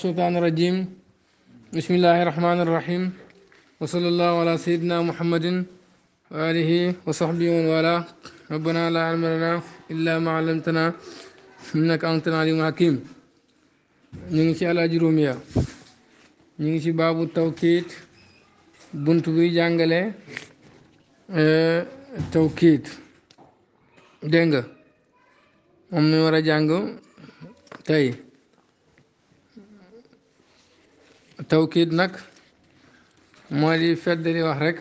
الشيطان الرجيم بسم الله الرحمن الرحيم وصلى الله على سيدنا محمد وآله وصحبه ومن والاه ربنا لا علم لنا إلا ما علمتنا إنك أنت العليم الحكيم نيجي على جروميا نيجي باب التوكيد بنت بي جانجلي توكيد دينغ أمي ورا جانجو تاي tawkiit nag mooy li fedd li wax rek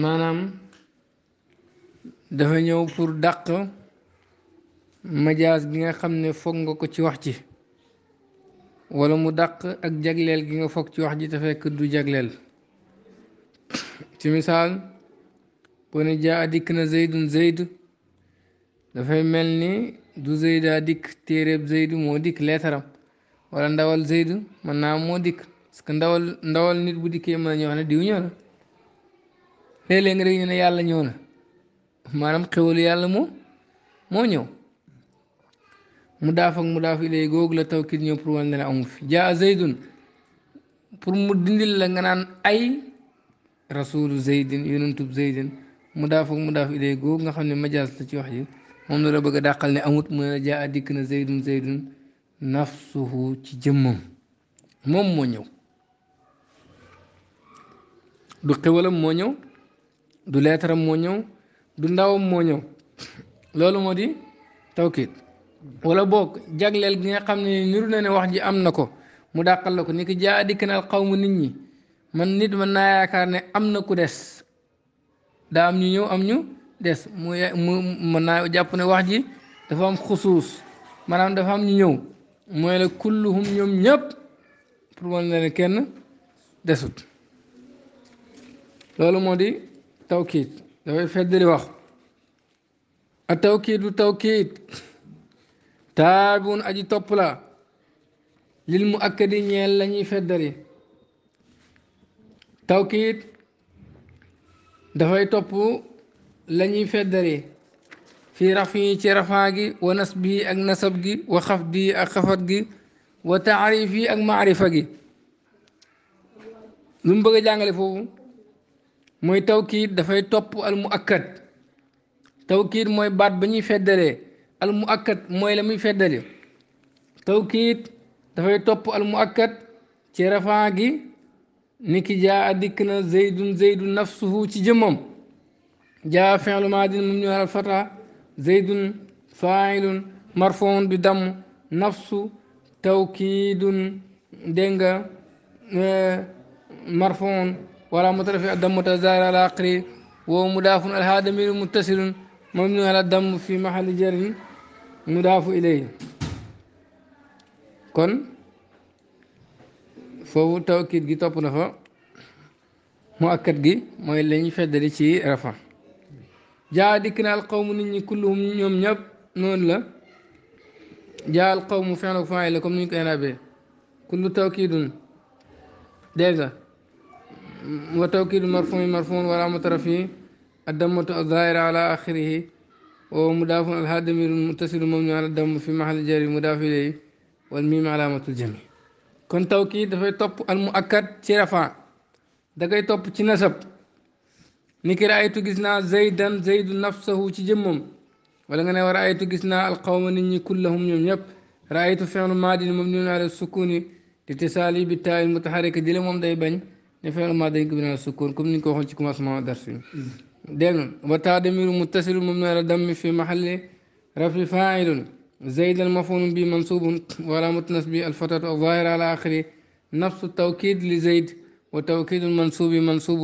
maanaam dafa ñëw pour dàq majaas gi nga xam ne foog nga ko ci wax ci wala mu dàq ak jagleel gi nga foog ci wax ji te fekk du jagleel ci misaal boo jaa a dikk na zeydun zeyd dafay mel ni du zeydaa dikk téeréeb zeydu moo dikk leetaram wala ndawal Zeydu mën naa moo dikk parce que ndawal ndawal nit bu dikkee ma a ñëw ne diw ñëw na léeg nga dégg ñu ne yàlla ñëw na maanaam xéwalu yàlla moo moo ñëw mu daaf ak mu daaf ilay googu la tawkit ñëw pour wane ne amu fi jaa Zeydun pour mu dindil la nga naan ay rasulu Zeydin yonentub Zeydin mu daaf ak mu daaf ilay googu nga xam ne majaas la ci wax ji moom la la bëgg a dàqal ne amut mu ne jaa dikk na Zeydun Zeydun. suufu ci jëmmam moom moo ñëw du xéwalam moo ñëw du leetaram moo ñëw du ndawam moo ñëw loolu moo di tawkiit wala boog jagleel gi nga xam ne niru na ne wax ji am na ko mu dàqal la ko ni ki jaa dikk xaw xawmu nit ñi man nit mën naa yaakaar ne am na ku des daa am ñu ñëw am ñu des mu mu naa jàpp ne wax ji dafa am xusuus maanaam dafa am ñu ñëw mooy la kulluhum ñoom ñëpp pour wan la ne kenn desut loolu moo di tawkiit dafay feddali wax a tawkiit du tawkiit taabun aji topp la lil mu akkadi ñeel lañuy feddari tawkiit dafay topp lañuy feddari fii rafi ci rafaa gi wa nasbi ak nasab gi wa xafdi ak xafat gi wa taarif yi ak maarifa gi lu mu bëgg a jàngale foofu mooy tawkiit dafay topp al mu akkat tawkiit mooy baat ba ñuy feddalee al mu akkat mooy la muy feddali tawkiit dafay topp al mu akkat ci rafaa gi ni ki jaa dikk na zaydun zaydun nafsuhu ci jëmmam jaa fi'lu maadin moom ñu waral fata zaydun failun marfoon bi damm nafsu tawkiidun dégg nga eh, marfoon wala mutarafi addammata zaara al aqri wa mudaafun alhaada miru muttasilun mabni ala damm fi mahali jarin mudaafu ilay kon foofu tawkiid gi topp na mu akkat gi mooy lañ feddali ci rafa جاء ذكر القوم نني كلهم نيوم نيب نون لا جاء القوم فعل فاعل لكم نيك انا بي كل توكيد دغا وتوكيد مرفوع مرفوع ولا مترفي الدم الظاهر على اخره ومضاف الهادم المتصل مبني على الدم في محل جر مضاف اليه والميم علامة الجمع كن توكيد في توب المؤكد شرفا دغاي توب شي نيكي رايتو غيسنا زيدا زيد نفسه تي جمم ولا غنا رايتو غيسنا القوم نيني كلهم نيوم ياب رايتو فعل ماضي مبني على السكون تي بالتاء المتحرك دي موم داي باغ ني فعل ماضي مبني على السكون كوم نيكو وخون سي كوماسمون درس دين وتا دمير متصل مبني على دم في محل رفع فاعل زيد المفعول به منصوب ولا متنس به الفتره الظاهره على اخره نفس التوكيد لزيد وتوكيد المنصوب منصوب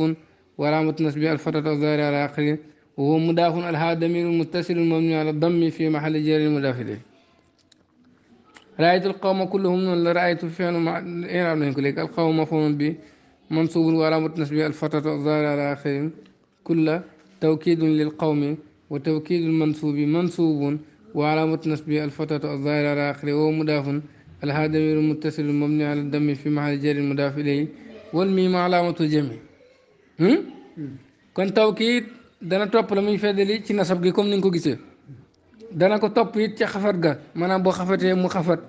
ورامت نسبي الفترة الظاهرة على آخره وهو مضاف على ضمير المتصل المبني على الضم في محل جر المضاف إليه رأيت القوم كلهم من رأيت فعل مع إعراب إيه من كلك القوم مفهوم به منصوب ورامت نسبي الفترة الظاهرة على آخره كل توكيد للقوم وتوكيد المنصوب منصوب وعلامة نسبه الفتاة الظاهرة على آخره وهو مضاف الهادم المتصل المبني على الدم في محل جر المضاف إليه والميم علامة جمع kon tawkiid dana topp la muy feddali ci nasab gi comme ni nga ko gisee dana ko topp it ca xafat ga maanaam boo xafatee mu xafat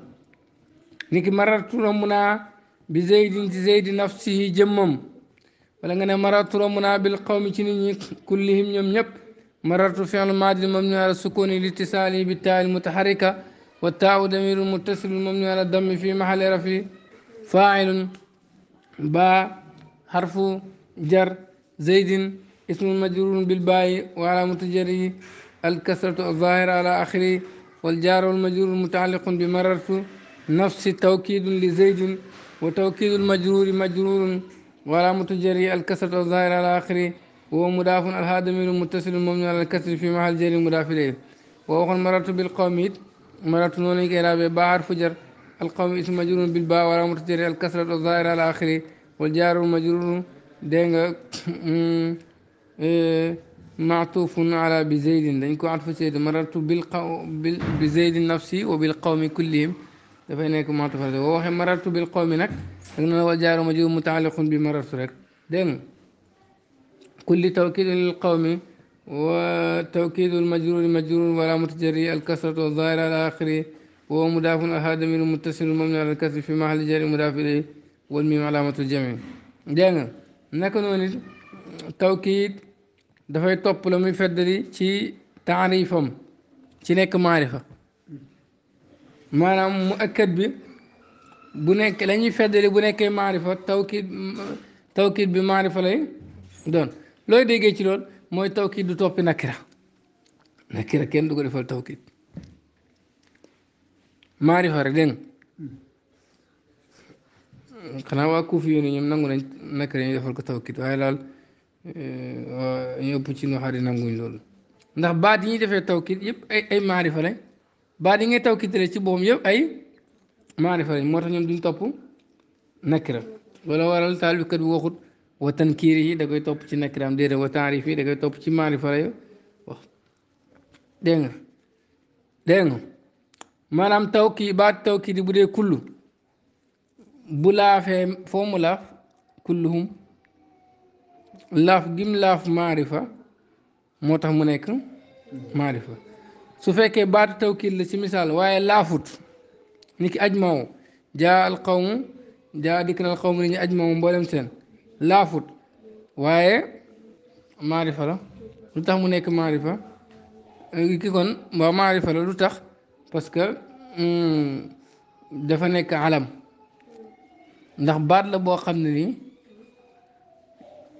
niki maratu romb naa bi zeydin ci zeydi nafsihi jëmmam wala nga ne maratu romb naa bil qawmi ci nit ñi kullihim ñoom ñëpp maratu fi'l maadi mabni ala sukuni litisaali bi taal mutaharika wa taawu damirun muttasilun mabni ala dammi fi mahali rafi faa'ilun ba harfu جر زيد اسم مجرور بالباء وعلى جره الكسرة الظاهرة على آخره والجار المجرور متعلق بمررت نفس توكيد لزيد وتوكيد المجرور مجرور وعلى جره الكسرة الظاهرة على آخره وهو مضاف الهادم المتصل المبني على الكسر في محل جر مضاف إليه وأخر مررت بالقوم مررت نونيك إلى بحر فجر القوم اسم مجرور بالباء وعلى جره الكسرة الظاهرة على آخره والجار المجرور دينغ إيه، معطوف على بزيد دنجكو عطف سيد مررت بزيد نفسي وبالقوم كلهم دافاي نيك معطوف على وخي مررت بالقوم نك دنا وجار مجرور متعلق بمررت رك دينغ كل توكيد للقوم وتوكيد المجرور مجرور ولا متجري الكسرة والظاهرة على وهو مدافع هذا من المتصل مبني على الكسر في محل جر مدافع والميم علامة الجمع دين naka noonu it tawkiit dafay topp la muy feddali ci taarifam ci nekk maarifa maanaam mu akkat bi bu nekk lañuy ñuy feddali bu nekkee maarifa tawkiit tawkiit bi maarifa lay doon looy déggee ci lool mooy tawkiit du toppi nakira nakira kenn du ko defal tawkiit maarifa rek dégg xanaa waa kuufi yoon ñoom nangu nañ nakk dañuy defal ko tawkit waaye daal eh, ñu ëpp ci nuxaar yi nanguñ loolu ndax baat yi ñuy defee tawkit yëpp ay maari maarifa baat yi ngay tawkit rek ci boppam yëpp ay maarifa lañ moo tax ñoom duñ topp nakira wala waral taalikat bi waxut wa tankiir yi da koy topp ci nakiraam déedéet wa taarif yi da koy topp ci maarifa lay wax dégg nga dégg baat tawkit bu dee kullu bu laafee foo mu laaf kulluhum laaf gim laaf maarifa moo tax mu nekk maarifa su fekkee baatu tawkiid la ci misaal waaye laafut ni ki ajmaw jaa al qawmu jaa dikk na al qawmu ni ñu ajmaw mboolem seen laafut waaye maarifa la lu tax mu nekk maarifa ki kon waa maarifa la lu tax parce que dafa nekk alam ndax baat la boo xam ne nii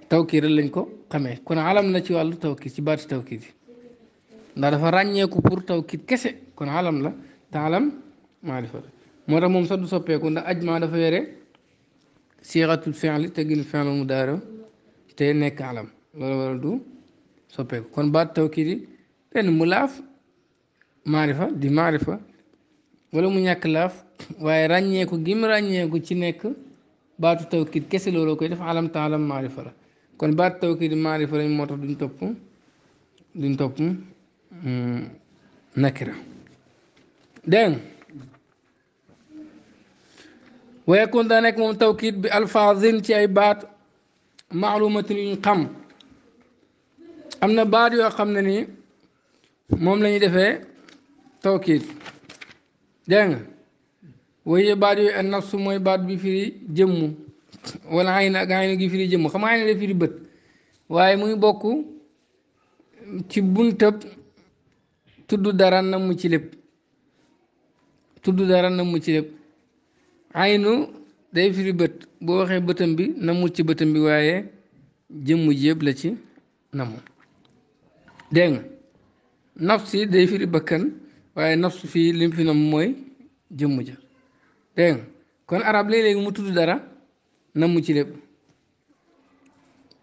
tawkiir lañ ko xamee kon alam la ci wàllu tawkiir ci baatu tawkiir yi ndax dafa ràññeeku pour tawkiir kese kon alam la te alam maarifa moo tax moom sax du soppeeku ndax ajma dafa yore siixatul fi'li te gën mu mudaari te nekk alam loolu waral du soppeeku kon baat tawkiir yi benn mu laaf maarifa di maarifa wala mu ñàkk laaf waaye ràññeeku gim ràññeeku ci nekk baatu tawkiid kese looloo koy def alam taalam maarifa la kon baatu tawkiid maarifa lañ moo tax duñ topp duñ topp kon daa nekk moom bi alfaazin ci ay baat maalumatin yuñ xam am na baat yoo xam ne ni moom lañuy ñu defee tawkiid dégg nga waaye baat yooyu an nafsu mooy baat bi firi jëmm wala ayn ak ayn gi firi jëmm xam nga ayn firi bët waaye muy bokk ci buntab tudd dara namm ci lépp tudd dara namm ci aynu day firi bët boo waxee bëtam bi ci bëtam bi waaye jëmm ji la ci namm dégg nga nafsi day firi bakkan waaye nafsu fii lim fi nam mooy jëmm ja dégg kon arab léeg-léegi mu tudd dara namm ci lépp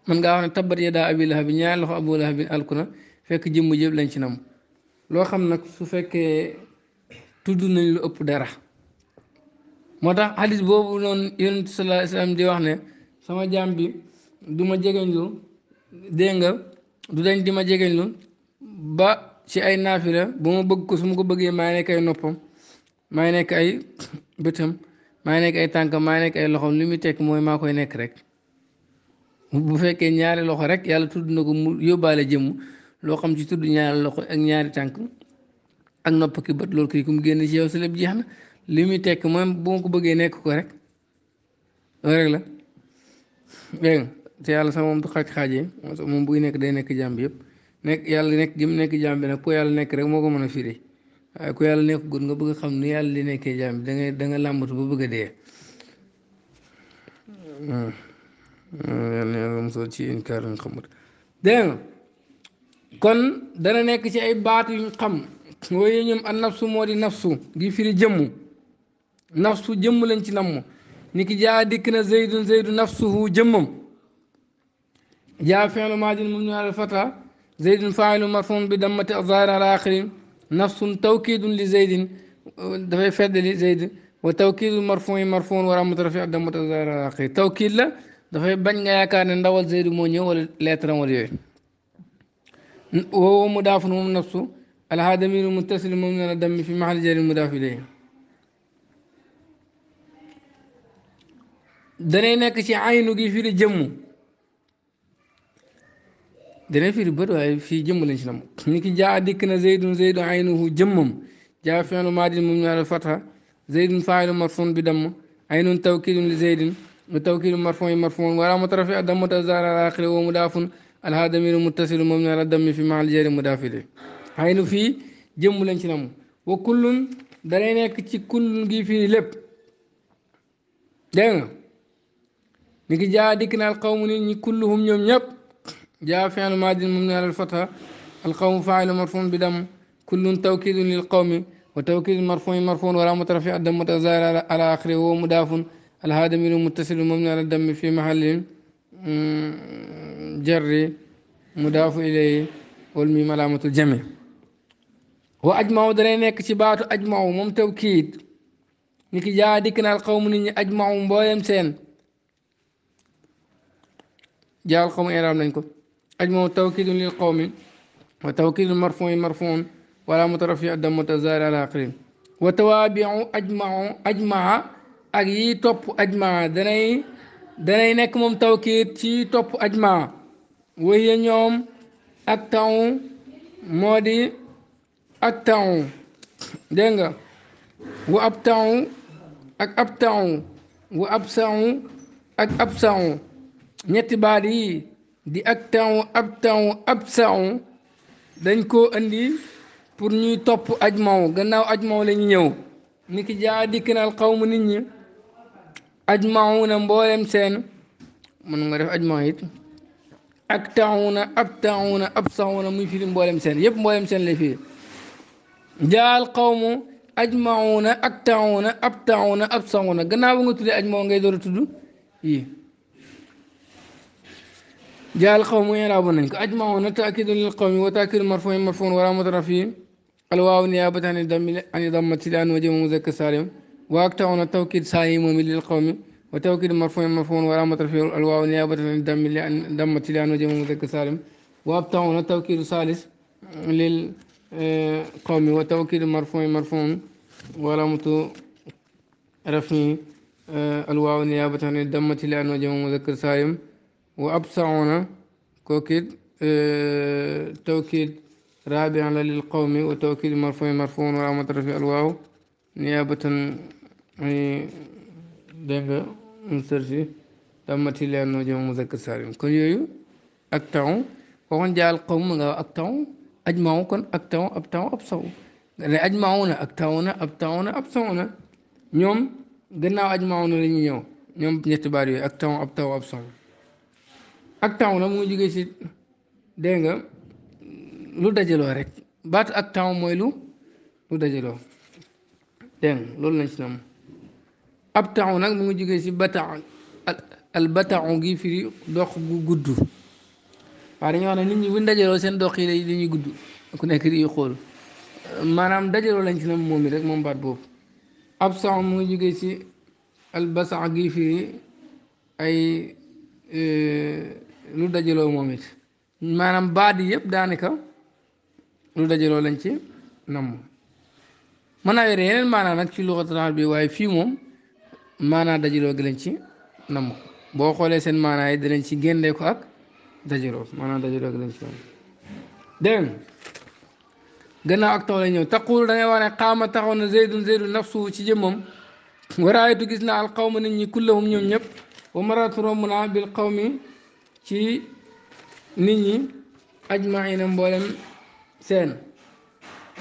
man ngaa wax ne tabbat yadaa abi lahab bi ñaari loxo abu lahab bi alku na fekk jëmm jëpp lañ ci nam loo xam nag su fekkee tudd nañ lu ëpp dara moo tax xadis boobu noonu yonent sallallahu alayhi wasallam di wax ne sama jaam bi duma ma jegeñ nga du dañ di ma jegeñ lu ba ci ay naafila bu ma bëgg ko su ma ko bëggee maa nekk ay noppam maa nekk ay bëtam maa nekk ay tànkam maa nekk ay loxom li muy tekk mooy maa koy nekk rek bu fekkee ñaari loxo rek yàlla tudd na ko mu yóbbaale jëmm loo xam ci tudd ñaari loxo ak ñaari tànk ak nopp bët loolu kii ku mu génn ci yow si lépp jeex na li muy tekk mooy bu ma ko bëggee nekk ko rek loolu rek la dégg te yàlla sax moom du xaaj xaajee moom buy nekk day nekk jàmb yëpp. nekk yàlla nekk gi mu nekk jaam na nag nekk rek moo ko mën a firi waaye ku yàlla nekk gut nga bëgg xam ni yàlla di nekkee jaam bi da ngay da nga làmbatu ba bëgg a dee. Hmm. Hmm, ci inkaar nga xamut kon dana nekk ci ay baat yu ñu xam waaye ñoom an nafsu moo di nafsu di firi jëmm nafsu jëmm lañ ci namm ni ki jaa dikk na zaydun zaydu nafsuhu jëmmam jaa fi'lu maadin mabniyun alal fatha زيد فاعل مرفوع بضمة الظاهر على آخره نفس توكيد لزيد دفع فعل لزيد وتوكيد مرفوع مرفوع وراء مترفع دمة الظاهر على آخره توكيد لا دفع بن ياكار ندول زيد مو نيو ولا لتر ولا يوي وهو مضاف نفسه الها ضمير من مبني على الدم في محل جر المدافع اليه دنينا كشي عينو كيفير جمو dana firi bët waaye fii jëmm lañ ci nam ni ki jaa dikk na zeydun zeydun aynuhu jëmmam jaa fi'lu maadin mum ñaar fatha zeydun faa'ilu marfun bi damm aynun tawkidun li zeydin وتوكيل مرفوع مرفوع ولا مترفع دم تزار على آخره ومضاف الها ضمير متصل مبني على الدم في محل جر مضاف إليه عين في جم لن تنم وكل دالاي نيك كل غي في لب داغ نيكي جا ديك نال قوم كلهم نيوم جاء فعل ماد المبني على الفتحة القوم فاعل مرفوع بدم كل توكيد للقوم وتوكيد مرفوع مرفوع ولا مترفع الدم متزاير على آخره وهو مضاف الهادم المتصل مبني على الدم في محل جري مضاف إليه والميم علامة الجمع وأجمعوا درينا nekk ci مم توكيد نكي جادكنا القوم ki jaa dikk سين جاء القوم إيرام لنكم أجمع توكيد للقوم وتوكيد المرفوع مرفوع ولا مترفع الدم متزارع على آخرين وتوابع أجمع أجمع أجي توب أجمع دني دني نك توكيد تي توب أجمع وهي نيوم أكتاو مودي أكتاو دنجا وأبتاو أك أبتاو وأبساو أك أبساو ñetti di ak taw ab taw ab saon dañ koo indi pour ñuy topp aj maw gannaaw aj maw ñëw ni ki jaa dikk na al xawmu nit ñi aj maw na mboolem seen mën nga def aj maw it ak taw na ab taw na ab saon na muy firi mboolem seen yëpp mboolem seen lay fii jaal xawmu aj maw na ak taw na ab taw na ab saon na gannaaw ba nga tuddee aj ngay door a tudd جاء القوم يلعبون نك أجمع ونتأكد للقوم وتأكد مرفوع مرفوع ولا مضر فيه الواو نيابة عن الدم عن ضمة الآن وجه مذكر سالم وأكتع التوكيد سايم للقوم وتوكيد مرفوع مرفوع ولا مضر فيه الواو نيابة عن الدم عن ضمة الآن وجه مذكر سالم وأبتع التوكيد ثالث للقوم آه، وتوكيد مرفوع مرفوع ولا مترفي آه، الواو نيابة عن الدمة لأنه جمع مذكر سالم وأبصرون كوكيد آه، توكيد رابعا للقوم وتوكيد مرفوع مرفوع ولا مترفع الواو نيابة أي دنجا مسرسي تمتي لأنه جمع مذكر سالم كن يو أكتعون وقن جاء القوم أكتعون أجمعون كن أبتعون أبصعون لأن أجمعون أكتعون أبتعون أبصعون نيوم gannaaw أجمعون لنيو نيوم ñëw أكتعون أبتعون أبصعون ak taw na mu ngi jógee ci dégg nga lu dajaloo rek baat ak taw mooy lu lu dajaloo dégg loolu lañ si nam ab taw nag mu ngi jógee si bata al batau gi firi dox gu gudd waa dañoo wax ne nit ñi buñ dajaloo seen dox yi dañuy gudd ku nekk di xool maanaam dajaloo lañ si nam moom rek moom baat boobu ab saw mu ngi jógee si al basa gi firi ay eh, lu dajaloo moom it maanaam baat yi yëpp daanaka lu dajaloo lañ ci namm mën naa yore yeneen maanaa nag ci luxatul arab bi waaye fii moom maanaa dajaloo gi lañ ci namm boo xoolee seen maanaa yi dinañ ci génnee ak dajaloo maanaa dajaloo gi ci namm dégg gannaaw ak taw la ñëw taqulu da ngay wax ne qaama taxaw na zaydun zaydun nafsuhu ci jëmmam waraayatu gis naa alqawma nit ñi kullahum ñoom ñëpp wa maratu romb naa bil qawmi ci nit ñi ajmaina mbolem seen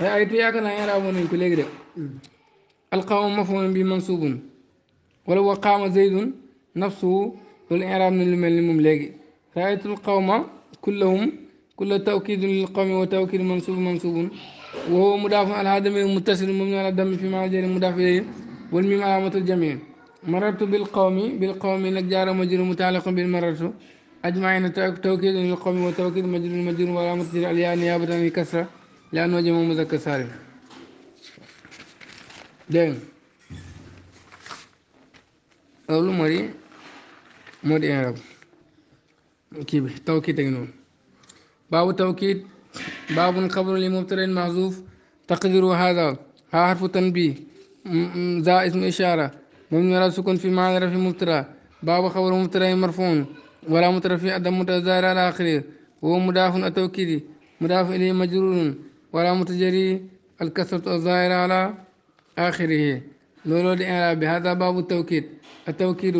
waaye ay tu yaakaar naa yaraaboon nañ ko léegi de alqaama mafhum bi mansubun wala wa qaama zaydun nafsu loolu iraab na lu mel ni moom léegi raaytul qawma kullahum kulla tawkidun lil qawmi wa tawkid mansub mansubun wa huwa mudaafun alaa damiir muttasil mabni alaa dam fi mahalli jarri mudaaf ilayhi wal mim alaamatul jamii marartu bil qawmi bil qawmi nag jaara majruur mutaaliqun bil marartu أجمعين توكيد للقوم وتوكيد مجرور المجرور وعلامة الألياء نيابة عن الكسرة لأنه جمع مذكر سالم دين أول مري مري إعراب كيف توكيد تجنون باب توكيد باب خبر لمبتدأ محذوف تقدير هذا ها حرف تنبيه ذا اسم إشارة ممن سكون في معنى رفع مبتدأ باب خبر مبتدأ مرفوع ولا مترفي عدم متزار على آخره وهو مضاف التوكيد مضاف إليه مجرور ولا متجري الكسرة الظاهرة على آخره لولو الإعراب هذا باب التوكيد التوكيد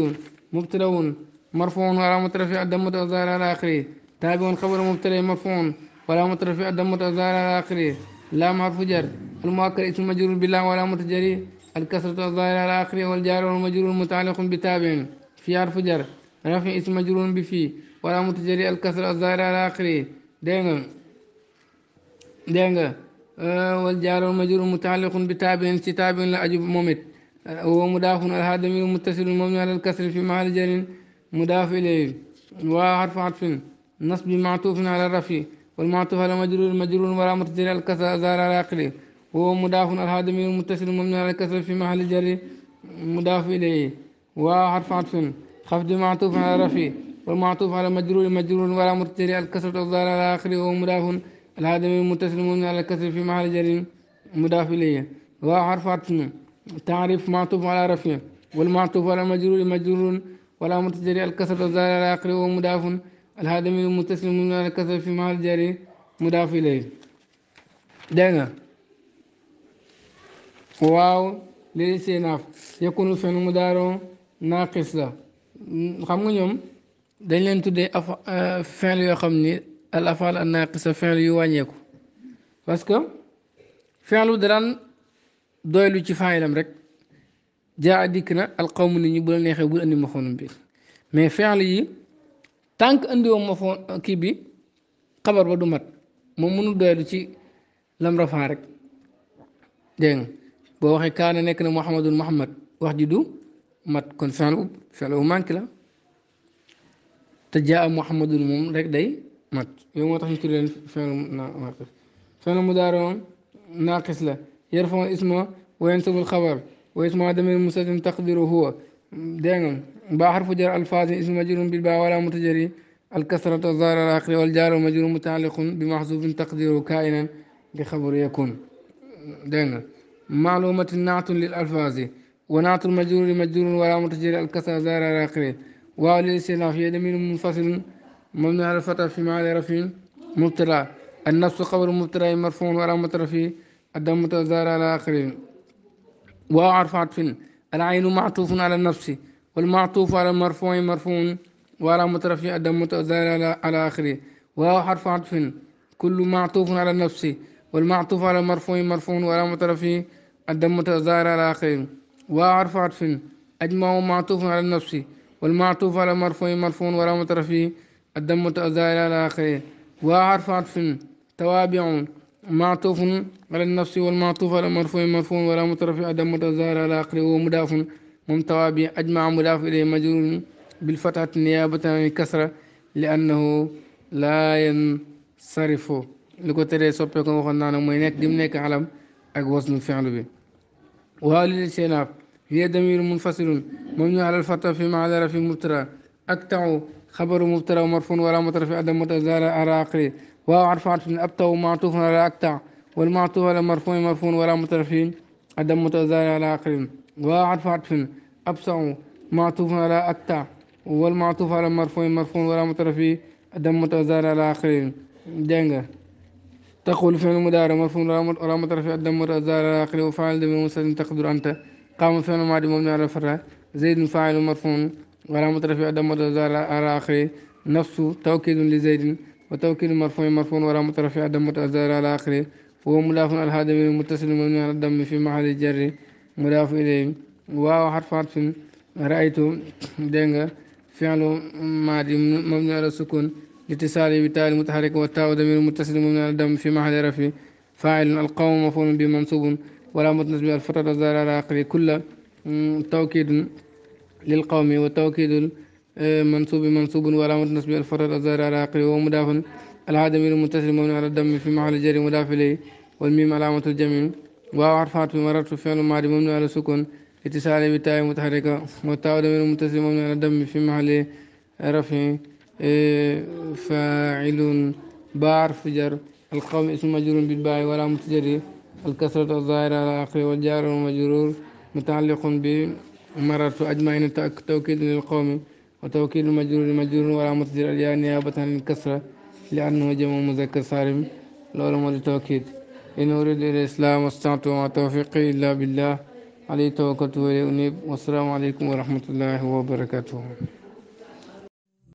مبتلو مرفوع ولا مترفي الدم متزار على آخره تابع خبر مبتلي مرفوع ولا مترفي الدم متزار على آخره لا محرف جر المؤكد اسم مجرور بلا ولا متجري الكسرة الظاهرة على آخره والجار والمجرور متعلق بتابع في عرف جر رفع اسم مجرور بفي ولا متجري الكسر الظاهر على آخره دينغ دينغ آه والجار المجرور متعلق بتابع تابع لا أجب ممت آه هو مضاف هذا ضمير متصل مبني على الكسر في محل جر مضاف إليه وحرف عطف نصب معطوف على الرفع والمعطوف على مجرور مجرور ولا متجري الكسر الظاهر على آخره هو مضاف هذا ضمير متصل مبني على الكسر في محل جر مضاف إليه وحرف عطف خفض معطوف على رفع والمعطوف على مجرور مجرور ولا مرتري الكسر الظاهر على آخره وهو مضاف الآدمي متسلم على الكسر في محل جر مضاف إليه وحرف عطف تعريف معطوف على رفع والمعطوف على مجرور مجرور ولا مرتري الكسر الظاهر على آخره وهو مضاف الهادمي المتسلم على الكسر في محل جر مضاف إليه دعنا واو للاستئناف يكون في مضارع ناقصة xam nga ñoom dañ leen tuddee af euh, fin yoo xam ni al afal an naqisa fin yu wàññeeku parce que fin lu daraan doylu ci faayilam rek jaa dikk na al qawmu nit ñi bu la neexee bul indi maxoonum bi mais fin yi tànk indiwoo maxoon kii bi xabar ba du mat moom mënul doylu ci lam rafaa rek dégg nga boo waxee kaana nekk na muhammadun muhammad wax ji du mat kon fenlu fenlu bu manqué la te jaa muhammadun moom rek day mat yooyu moo tax ñu tuddee fenlu naaqis fenlu mu daaro naaqis la yarfon isma wa yansubul xabar wa isma damir mustatim taqdiru huwa dégg nga ba xarfu jar alfaasi ism majrun bil baa wala mutajari الكسرة الظاهر الآخر والجار مجرور متعلق بمحذوف تقديره كائنا لخبر يكون دينا معلومة نعت للألفاظ ونعت المجرور مجرور ولا متجر الكسر زار على آخره واو للاستئناف يد من منفصل مبني على الفتح في معنى رفع مبتلى النفس خبر مبتلى مرفوع وعلامة رفعه الدم زار على آخره واو حرف عطف العين معطوف على النفس والمعطوف على المرفوع مرفوع وعلامة رفعه الدم متزار على آخره واو حرف عطف كل معطوف على النفس والمعطوف على المرفوع مرفوع وعلامة رفعه الدم متزار على آخره وأعرف عرف أجمع معطوف على النفس والمعطوف على مرفوع مرفوع ولا مترفي الدم تأذى إلى آخره وأعرف عرف توابع معطوف على النفس والمعطوف على مرفوع مرفوع ولا مترفي الدم تأذى إلى آخره ومداف من توابع أجمع مداف إليه مجرور بالفتحة نيابة عن الكسرة لأنه لا ينصرف li ko teree soppeeku waxoon naa ne mooy nekk di mu nekk alam هي دمير منفصل مبني على الفتح في معذرة في مبترى أكتع خبر مبترى مرفوع ولا مطر في أدم متزارة على عقله وأعرف عرف عرف أبتع ومعطوف على أكتع والمعطوف على مرفوع مرفوع ولا مطر في أدم متزارة على عقله وأعرف عرف عرف أبسع معطوف على أكتع والمعطوف على مرفوع مرفوع ولا مطر في أدم متزارة على عقله دنجر تقول فعل مدار مرفوع ولا مطر في أدم متزارة على عقله وفعل دم مسلم تقدر أنت قام فعل ماضي مبني على الفتح زيد فاعل مرفوع ولا مترفع دم على آخره نفس توكيد لزيد وتوكيد مرفوع مرفوع ولا مترفع دم على آخره وهو مضاف على الهادم متصل مبني على الدم في محل الجر مضاف إليه واو حرف عطف رأيت دنجا فعل ماضي مبني على السكون لاتصاله بتاء المتحرك والتاء ضمير متصل مبني على الدم في محل رفع فاعل القوم مفعول بمنصوب منصوب ولا متنجم الفرد الزائر على كل توكيد للقوم وتوكيد آه، منصوب منصوب ولا متنسب الفرد الزائر على عقبه ومضاف العدم ممنوع على الدم في محل جر مدافع لي والميم علامه الجميع واو عرفات مررت فعل ماضي ممنوع على سكون اتصاله بتاء متحركه والتاء من متصل ممنوع على الدم في محل رفع آه، فاعل باع جر القوم اسم مجرور بالباء ولا متجري الكسرة الظاهرة على آخره والجار والمجرور متعلق بمررت أجمعين توكيد للقوم وتوكيد المجرور مجرور مصدر الياء نيابة عن الكسرة لأنه جمع مذكر سالم لولا مود إن أريد الإسلام واستعنت مع توفيقي إلا بالله عليه توكلت وإليه أنيب والسلام عليكم ورحمة الله وبركاته